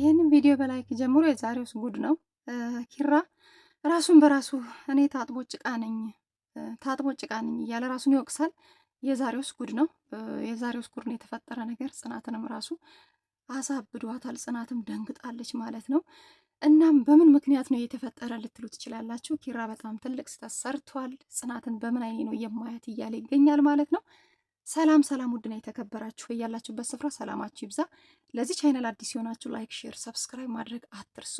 ይህንን ቪዲዮ በላይክ ጀምሮ የዛሬውስ ጉድ ነው። ኪራ ራሱን በራሱ እኔ ታጥቦ ጭቃ ነኝ ታጥቦ ጭቃ ነኝ እያለ ራሱን ይወቅሳል። የዛሬውስ ጉድ ነው። የዛሬውስ ጉድ ነው የተፈጠረ ነገር። ጽናትንም ራሱ አሳብዷታል። ጽናትም ደንግጣለች ማለት ነው። እናም በምን ምክንያት ነው የተፈጠረ ልትሉ ትችላላችሁ። ኪራ በጣም ትልቅ ስህተት ሰርቷል። ጽናትን በምን አይኔ ነው የማያት እያለ ይገኛል ማለት ነው። ሰላም ሰላም፣ ውድና የተከበራችሁ እያላችሁበት ስፍራ ሰላማችሁ ይብዛ። ለዚህ ቻይነል አዲስ የሆናችሁ ላይክ፣ ሼር፣ ሰብስክራይብ ማድረግ አትርሱ።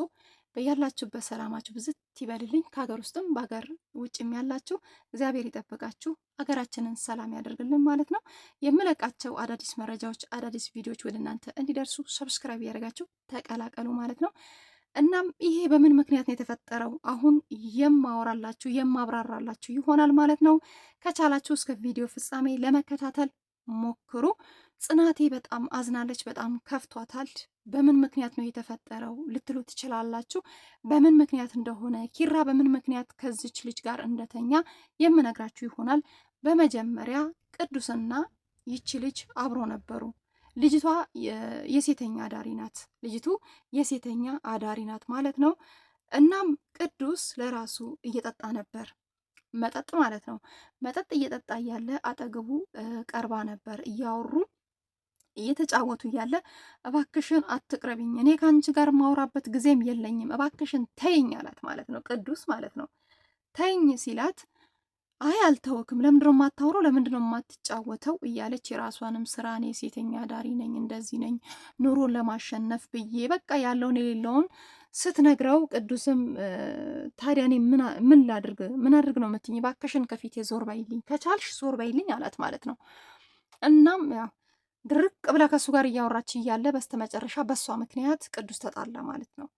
በያላችሁበት ሰላማችሁ ብዝት ይበልልኝ። ከሀገር ውስጥም በሀገር ውጭም ያላችሁ እግዚአብሔር ይጠብቃችሁ፣ ሀገራችንን ሰላም ያደርግልን ማለት ነው። የምለቃቸው አዳዲስ መረጃዎች፣ አዳዲስ ቪዲዮዎች ወደ እናንተ እንዲደርሱ ሰብስክራይብ እያደረጋችሁ ተቀላቀሉ ማለት ነው። እናም ይሄ በምን ምክንያት ነው የተፈጠረው? አሁን የማወራላችሁ የማብራራላችሁ ይሆናል ማለት ነው። ከቻላችሁ እስከ ቪዲዮ ፍጻሜ ለመከታተል ሞክሩ። ጽናቴ በጣም አዝናለች፣ በጣም ከፍቷታል። በምን ምክንያት ነው የተፈጠረው ልትሉ ትችላላችሁ። በምን ምክንያት እንደሆነ ኪራ በምን ምክንያት ከዚች ልጅ ጋር እንደተኛ የምነግራችሁ ይሆናል። በመጀመሪያ ቅዱስና ይቺ ልጅ አብሮ ነበሩ። ልጅቷ የሴተኛ አዳሪ ናት። ልጅቱ የሴተኛ አዳሪ ናት ማለት ነው። እናም ቅዱስ ለራሱ እየጠጣ ነበር፣ መጠጥ ማለት ነው። መጠጥ እየጠጣ እያለ አጠገቡ ቀርባ ነበር። እያወሩ እየተጫወቱ እያለ እባክሽን አትቅረቢኝ፣ እኔ ከአንቺ ጋር ማውራበት ጊዜም የለኝም፣ እባክሽን ተይኝ አላት ማለት ነው። ቅዱስ ማለት ነው። ተይኝ ሲላት አይ አልተወክም፣ ለምንድነው ነው የማታውረው? ለምንድን የማትጫወተው? እያለች የራሷንም ስራ እኔ ሴተኛ ዳሪ ነኝ እንደዚህ ነኝ ኑሮን ለማሸነፍ ብዬ በቃ ያለውን የሌለውን ስትነግረው ቅዱስም ታዲያ እኔ ምን ላድርግ ምን አድርግ ነው የምትኝ? ባከሽን ከፊቴ ዞር ባይልኝ፣ ከቻልሽ ዞር ባይልኝ አላት ማለት ነው። እናም ያው ድርቅ ብላ ከእሱ ጋር እያወራች እያለ በስተመጨረሻ በእሷ ምክንያት ቅዱስ ተጣላ ማለት ነው።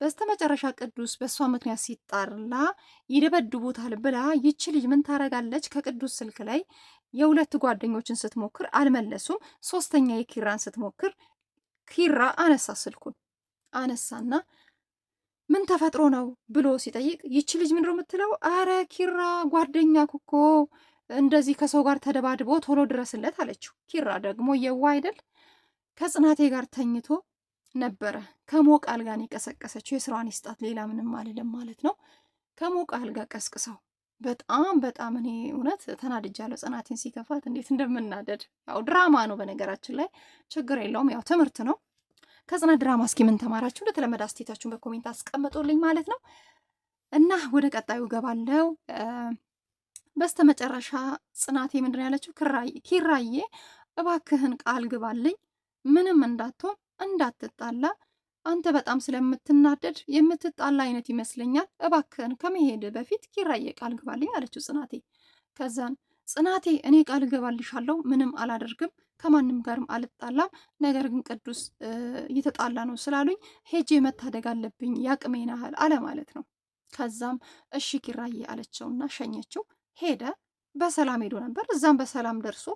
በስተመጨረሻ ቅዱስ በእሷ ምክንያት ሲጣላ ይደበድቡታል ብላ ይቺ ልጅ ምን ታረጋለች? ከቅዱስ ስልክ ላይ የሁለት ጓደኞችን ስትሞክር አልመለሱም። ሶስተኛ የኪራን ስትሞክር ኪራ አነሳ ስልኩን አነሳና ምን ተፈጥሮ ነው ብሎ ሲጠይቅ ይቺ ልጅ ምንድሮ የምትለው? አረ ኪራ ጓደኛ ኩኮ እንደዚህ ከሰው ጋር ተደባድቦ ቶሎ ድረስለት አለችው። ኪራ ደግሞ የዋ አይደል ከጽናቴ ጋር ተኝቶ ነበረ። ከሞቅ አልጋን የቀሰቀሰችው የስራዋን ይስጣት፣ ሌላ ምንም አልልም ማለት ነው። ከሞቅ አልጋ ቀስቅሰው በጣም በጣም እኔ እውነት ተናድጃለሁ። ጽናቴን ሲከፋት እንዴት እንደምናደድ ያው ድራማ ነው በነገራችን ላይ ችግር የለውም ያው ትምህርት ነው። ከጽናት ድራማ እስኪ ምን ተማራችሁ? እንደተለመደ አስቴታችሁን በኮሜንት አስቀምጡልኝ ማለት ነው እና ወደ ቀጣዩ ገባለው። በስተመጨረሻ ጽናቴ ምንድን ያለችው ኪራዬ፣ እባክህን ቃል ግባልኝ ምንም እንዳትሆን እንዳትጣላ አንተ በጣም ስለምትናደድ የምትጣላ አይነት ይመስለኛል። እባክህን ከመሄድ በፊት ኪራዬ ቃል ግባልኝ አለችው ጽናቴ። ከዛን ጽናቴ እኔ ቃል እገባልሻለሁ ምንም አላደርግም፣ ከማንም ጋርም አልጣላም። ነገር ግን ቅዱስ እየተጣላ ነው ስላሉኝ ሄጄ መታደግ አለብኝ ያቅሜን ያህል አለ ማለት ነው። ከዛም እሺ ኪራዬ አለችውና ሸኘችው። ሄደ በሰላም ሄዶ ነበር። እዛም በሰላም ደርሶ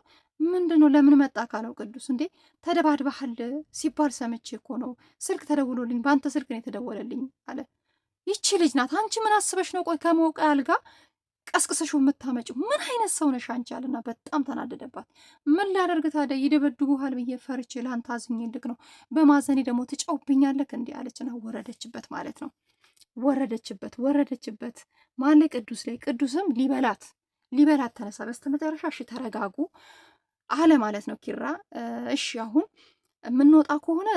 ምንድን ነው ለምን መጣ ካለው ቅዱስ እንዴ ተደባድባሃል ሲባል ሰምቼ እኮ ነው ስልክ ተደውሎልኝ በአንተ ስልክ ነው የተደወለልኝ አለ ይቺ ልጅ ናት አንቺ ምን አስበሽ ነው ቆይ ከመውቀ አልጋ ቀስቅሰሽ የምታመጪው ምን አይነት ሰው ነሽ አንቺ አለና በጣም ተናደደባት ምን ላደርግ ታዲያ ይደበድቡሃል ብዬ ፈርቼ ለአንተ አዝኜልክ ነው በማዘኔ ደግሞ ትጫውብኛለክ እንዲህ አለችና ወረደችበት ማለት ነው ወረደችበት ወረደችበት ማለ ቅዱስ ላይ ቅዱስም ሊበላት ሊበላት ተነሳ በስተመጨረሻ እሺ ተረጋጉ አለ ማለት ነው ኪራ። እሺ አሁን የምንወጣ ከሆነ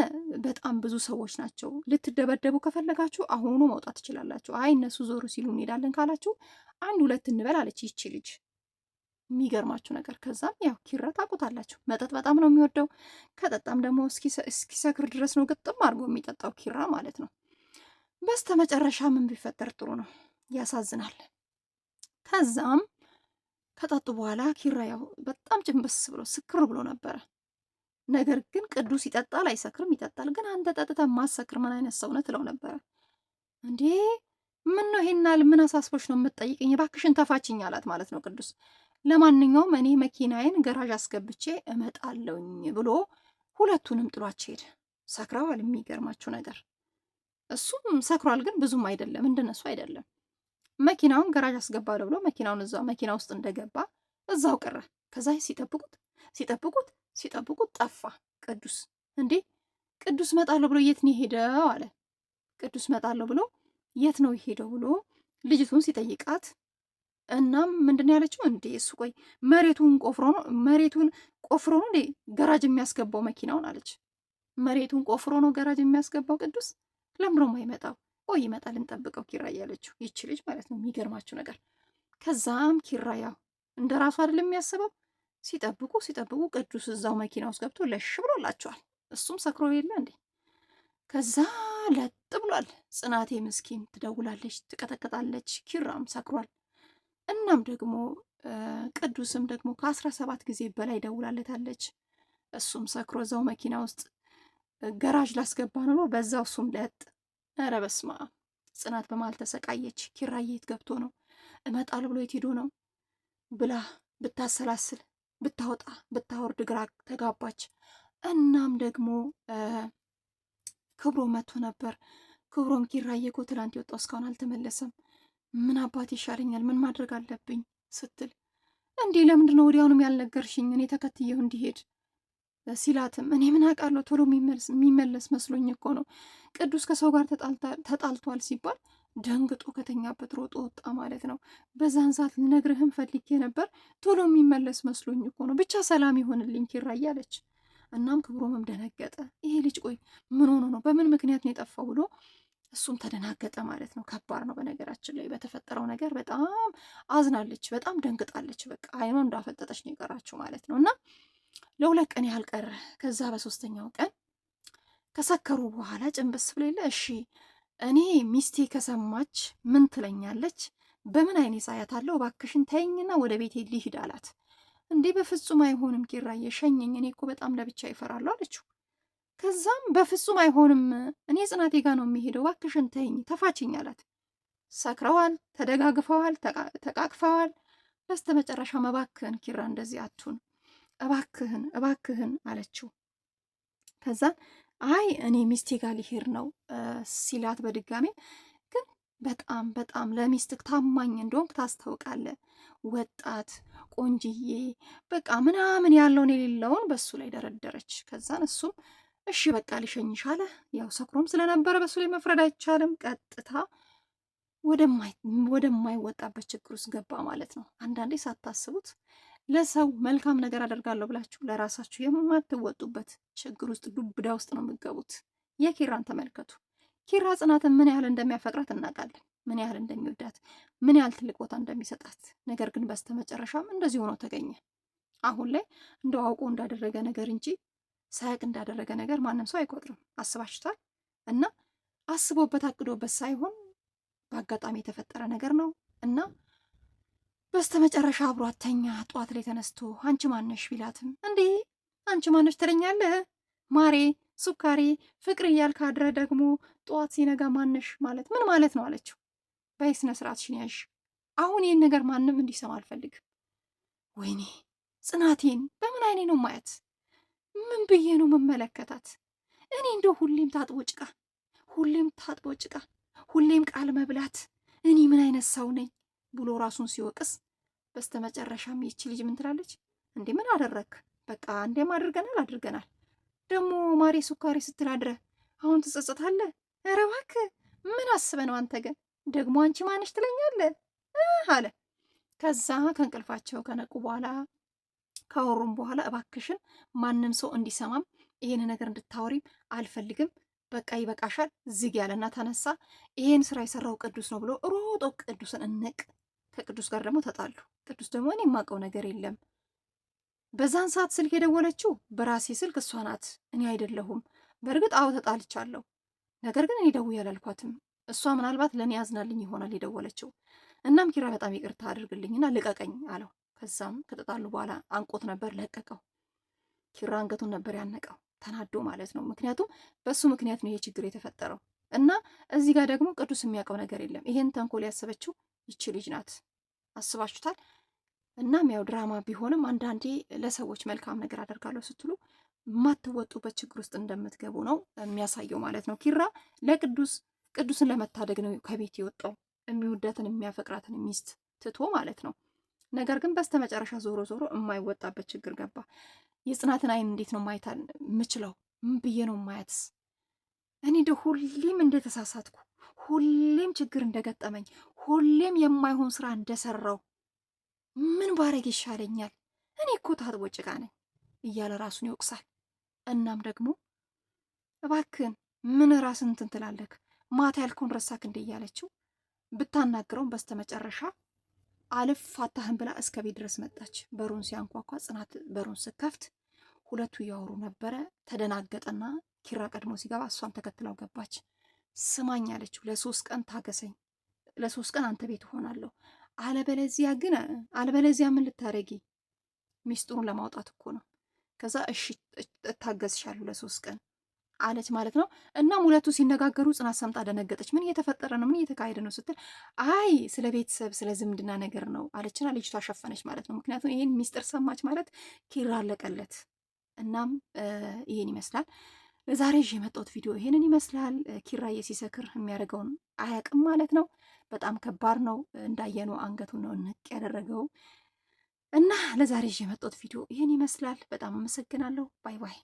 በጣም ብዙ ሰዎች ናቸው። ልትደበደቡ ከፈለጋችሁ አሁኑ መውጣት ትችላላችሁ። አይ እነሱ ዞሩ ሲሉ እንሄዳለን ካላችሁ አንድ ሁለት እንበል አለች ይቺ ልጅ። የሚገርማችሁ ነገር ከዛም ያው ኪራ ታውቁታላችሁ፣ መጠጥ በጣም ነው የሚወደው። ከጠጣም ደግሞ እስኪሰክር ድረስ ነው ግጥም አድርጎ የሚጠጣው ኪራ ማለት ነው። በስተ መጨረሻ ምን ቢፈጠር ጥሩ ነው? ያሳዝናል። ከዛም ከጠጡ በኋላ ኪራ ያው በጣም ጭንብስ ብሎ ስክር ብሎ ነበረ። ነገር ግን ቅዱስ ይጠጣል አይሰክርም፣ ይጠጣል። ግን አንተ ጠጥተ ማሰክር ምን አይነት ሰው ነህ? ትለው ነበረ። እንዴ ምን ነው ይሄናል? ምን አሳስቦች ነው የምትጠይቅኝ? ባክሽን ተፋችኝ አላት ማለት ነው ቅዱስ። ለማንኛውም እኔ መኪናዬን ገራዥ አስገብቼ እመጣለውኝ ብሎ ሁለቱንም ጥሏቸው ሄደ። ሰክረዋል። የሚገርማችሁ ነገር እሱም ሰክሯል፣ ግን ብዙም አይደለም እንደነሱ አይደለም። መኪናውን ገራዥ አስገባለሁ ብሎ መኪናውን እዛው መኪና ውስጥ እንደገባ እዛው ቀረ። ከዛ ሲጠብቁት ሲጠብቁት ሲጠብቁት ጠፋ። ቅዱስ እንዴ ቅዱስ መጣለሁ ብሎ የት ነው የሄደው አለ። ቅዱስ መጣለሁ ብሎ የት ነው የሄደው ብሎ ልጅቱን ሲጠይቃት እናም ምንድን ነው ያለችው? እንዴ እሱ ቆይ መሬቱን ቆፍሮ ነው መሬቱን ቆፍሮ ነው እንዴ ገራጅ የሚያስገባው መኪናውን አለች። መሬቱን ቆፍሮ ነው ገራጅ የሚያስገባው ቅዱስ ለምሮም አይመጣው ቆይ ይመጣል እንጠብቀው ኪራ ያለችው ይች ልጅ ማለት ነው። የሚገርማችሁ ነገር ከዛም ኪራ ያው እንደ ራሱ አይደል የሚያስበው። ሲጠብቁ ሲጠብቁ ቅዱስ እዛው መኪና ውስጥ ገብቶ ለሽ ብሎላቸዋል። እሱም ሰክሮ የለ እንዴ ከዛ ለጥ ብሏል። ጽናቴ ምስኪን ትደውላለች፣ ትቀጠቀጣለች ኪራም ሰክሯል። እናም ደግሞ ቅዱስም ደግሞ ከአስራ ሰባት ጊዜ በላይ ደውላለታለች። እሱም ሰክሮ እዛው መኪና ውስጥ ገራዥ ላስገባ ነው በዛው እሱም ለጥ ኧረ በስመ አብ! ጽናት በመሃል ተሰቃየች። ኪራዬ የት ገብቶ ነው እመጣል ብሎ የት ሄዶ ነው ብላ ብታሰላስል ብታወጣ ብታወርድ ግራ ተጋባች። እናም ደግሞ ክብሮ መቶ ነበር። ክብሮም ኪራዬ እኮ ትላንት የወጣው እስካሁን አልተመለሰም፣ ምን አባት ይሻለኛል፣ ምን ማድረግ አለብኝ ስትል እንዲህ ለምንድን ነው ወዲያውኑም ያልነገርሽኝ? እኔ ተከትየው እንዲሄድ ሲላትም እኔ ምን አውቃለሁ ቶሎ የሚመለስ መስሎኝ እኮ ነው። ቅዱስ ከሰው ጋር ተጣልቷል ሲባል ደንግጦ ከተኛበት ሮጦ ወጣ ማለት ነው። በዛን ሰዓት ልነግርህም ፈልጌ ነበር ቶሎ የሚመለስ መስሎኝ እኮ ነው። ብቻ ሰላም ይሆንልኝ ኪራ እያለች እናም ክብሮምም ደነገጠ። ይሄ ልጅ ቆይ ምን ሆኖ ነው በምን ምክንያት ነው የጠፋው ብሎ እሱም ተደናገጠ ማለት ነው። ከባድ ነው። በነገራችን ላይ በተፈጠረው ነገር በጣም አዝናለች፣ በጣም ደንግጣለች። በቃ አይኗ እንዳፈጠጠች ነው የቀራችው ማለት ነው እና ለሁለት ቀን ያህል ቀረ። ከዛ በሶስተኛው ቀን ከሰከሩ በኋላ ጭንብስ ብሌለ እሺ እኔ ሚስቴ ከሰማች ምን ትለኛለች? በምን ሳያት አለው? እባክሽን ተይኝና ወደ ቤቴ ሊሂድ አላት። እንዴ በፍጹም አይሆንም ኪራዬ፣ ሸኘኝ። እኔ እኮ በጣም ለብቻ ይፈራሉ አለችው። ከዛም በፍጹም አይሆንም፣ እኔ ጽናቴ ጋር ነው የሚሄደው፣ እባክሽን ተይኝ፣ ተፋችኝ አላት። ሰክረዋል፣ ተደጋግፈዋል፣ ተቃቅፈዋል። መጨረሻ መባክን ኪራ እንደዚህ አቱን እባክህን እባክህን አለችው። ከዛ አይ እኔ ሚስቴ ጋር ሊሄድ ነው ሲላት በድጋሜ ግን በጣም በጣም ለሚስትክ ታማኝ እንደሆንክ ታስታውቃለህ። ወጣት ቆንጅዬ በቃ ምናምን ያለውን የሌለውን በሱ ላይ ደረደረች። ከዛን እሱም እሺ በቃ ሊሸኝሻለ አለ። ያው ሰክሮም ስለነበረ በሱ ላይ መፍረድ አይቻልም። ቀጥታ ወደማይወጣበት ችግር ውስጥ ገባ ማለት ነው። አንዳንዴ ሳታስቡት ለሰው መልካም ነገር አደርጋለሁ ብላችሁ ለራሳችሁ የማትወጡበት ችግር ውስጥ ዱብዳ ውስጥ ነው የምገቡት። የኪራን ተመልከቱ። ኪራ ጽናትን ምን ያህል እንደሚያፈቅራት እናውቃለን። ምን ያህል እንደሚወዳት፣ ምን ያህል ትልቅ ቦታ እንደሚሰጣት። ነገር ግን በስተመጨረሻም እንደዚህ ሆኖ ተገኘ። አሁን ላይ እንደው አውቆ እንዳደረገ ነገር እንጂ ሳያቅ እንዳደረገ ነገር ማንም ሰው አይቆጥርም። አስባችሁታል? እና አስቦበት አቅዶበት ሳይሆን በአጋጣሚ የተፈጠረ ነገር ነው እና በስተመጨረሻ አብሯት ተኛ። ጠዋት ላይ ተነስቶ አንቺ ማነሽ ቢላትም እንዴ አንቺ ማነሽ ትለኛለህ ማሬ ሱካሬ ፍቅር እያልክ አድረ ደግሞ ጠዋት ሲነጋ ማነሽ ማለት ምን ማለት ነው አለችው። በይ ስነ ስርዓት ሽንያሽ አሁን ይህን ነገር ማንም እንዲሰማ አልፈልግም። ወይኔ ጽናቴን በምን አይኔ ነው ማየት? ምን ብዬ ነው መመለከታት? እኔ እንደው ሁሌም ታጥቦ ጭቃ፣ ሁሌም ታጥቦ ጭቃ፣ ሁሌም ቃል መብላት። እኔ ምን አይነት ሰው ነኝ? ብሎ ራሱን ሲወቅስ በስተመጨረሻም ይቺ ልጅ ምን ትላለች? እንዴ ምን አደረግ? በቃ እንዴም አድርገናል አድርገናል። ደግሞ ማሬ ሱካሪ ስትላድረ አሁን ትጸጸታለህ? ኧረ እባክህ ምን አስበ ነው አንተ ግን ደግሞ አንቺ ማነሽ ትለኛለህ አለ። ከዛ ከእንቅልፋቸው ከነቁ በኋላ ካወሩም በኋላ እባክሽን ማንም ሰው እንዲሰማም ይሄን ነገር እንድታወሪም አልፈልግም በቃ ይበቃሻል፣ ዝግ ያለና ተነሳ። ይሄን ስራ የሰራው ቅዱስ ነው ብሎ ሮጦ ቅዱስን እንቅ ከቅዱስ ጋር ደግሞ ተጣሉ። ቅዱስ ደግሞ እኔ የማውቀው ነገር የለም በዛን ሰዓት ስልክ የደወለችው በራሴ ስልክ እሷ ናት፣ እኔ አይደለሁም። በእርግጥ አዎ ተጣልቻለሁ፣ ነገር ግን እኔ ደውዬ አላልኳትም። እሷ ምናልባት ለእኔ ያዝናልኝ ይሆናል የደወለችው። እናም ኪራ በጣም ይቅርታ አድርግልኝና ልቀቀኝ አለው። ከዛም ከተጣሉ በኋላ አንቆት ነበር ለቀቀው። ኪራ አንገቱን ነበር ያነቀው፣ ተናዶ ማለት ነው። ምክንያቱም በሱ ምክንያት ነው ይሄ ችግር የተፈጠረው እና እዚህ ጋር ደግሞ ቅዱስ የሚያውቀው ነገር የለም። ይሄን ተንኮል ያሰበችው ይቺ ልጅ ናት። አስባችሁታል? እናም ያው ድራማ ቢሆንም አንዳንዴ ለሰዎች መልካም ነገር አደርጋለሁ ስትሉ የማትወጡበት ችግር ውስጥ እንደምትገቡ ነው የሚያሳየው ማለት ነው። ኪራ ለቅዱስ ቅዱስን ለመታደግ ነው ከቤት የወጣው የሚወዳትን የሚያፈቅራትን ሚስት ትቶ ማለት ነው። ነገር ግን በስተመጨረሻ ዞሮ ዞሮ የማይወጣበት ችግር ገባ። የጽናትን አይን እንዴት ነው ማየት የምችለው? ምን ብዬ ነው ማየትስ? እኔ ሁሌም እንደተሳሳትኩ ሁሌም ችግር እንደገጠመኝ ሁሌም የማይሆን ስራ እንደሰራው ምን ባረግ ይሻለኛል? እኔ እኮ ታጥቦ ጭቃ ነኝ እያለ ራሱን ይወቅሳል። እናም ደግሞ እባክን ምን ራስን እንትን ትላለህ ማታ ያልከውን ረሳክ እንዴ እያለችው ብታናግረውን በስተመጨረሻ አልፍ ፋታህን ብላ እስከ ቤት ድረስ መጣች። በሩን ሲያንኳኳ ጽናት በሩን ስከፍት ሁለቱ እያወሩ ነበረ። ተደናገጠና ኪራ ቀድሞ ሲገባ እሷም ተከትለው ገባች። ስማኝ አለችው ለሶስት ቀን ታገሰኝ ለሶስት ቀን አንተ ቤት እሆናለሁ። አለበለዚያ ግን አለበለዚያ ምን ልታረጊ? ሚስጥሩን ለማውጣት እኮ ነው። ከዛ እሺ እታገዝሻለሁ ለሶስት ቀን አለች ማለት ነው። እናም ሁለቱ ሲነጋገሩ ጽናት ሰምጣ ደነገጠች። ምን እየተፈጠረ ነው? ምን እየተካሄደ ነው ስትል አይ ስለ ቤተሰብ ስለ ዝምድና ነገር ነው አለችና ልጅቷ ሸፈነች ማለት ነው። ምክንያቱም ይህን ሚስጥር ሰማች ማለት ኪራ አለቀለት። እናም ይህን ይመስላል። ዛሬ ይዤ የመጣሁት ቪዲዮ ይሄንን ይመስላል። ኪራዬ ሲሰክር የሚያደርገውን አያውቅም ማለት ነው። በጣም ከባድ ነው። እንዳየነው አንገቱን ነው ንቅ ያደረገው እና ለዛሬ ይዤ የመጣሁት ቪዲዮ ይሄን ይመስላል። በጣም አመሰግናለሁ። ባይ ባይ።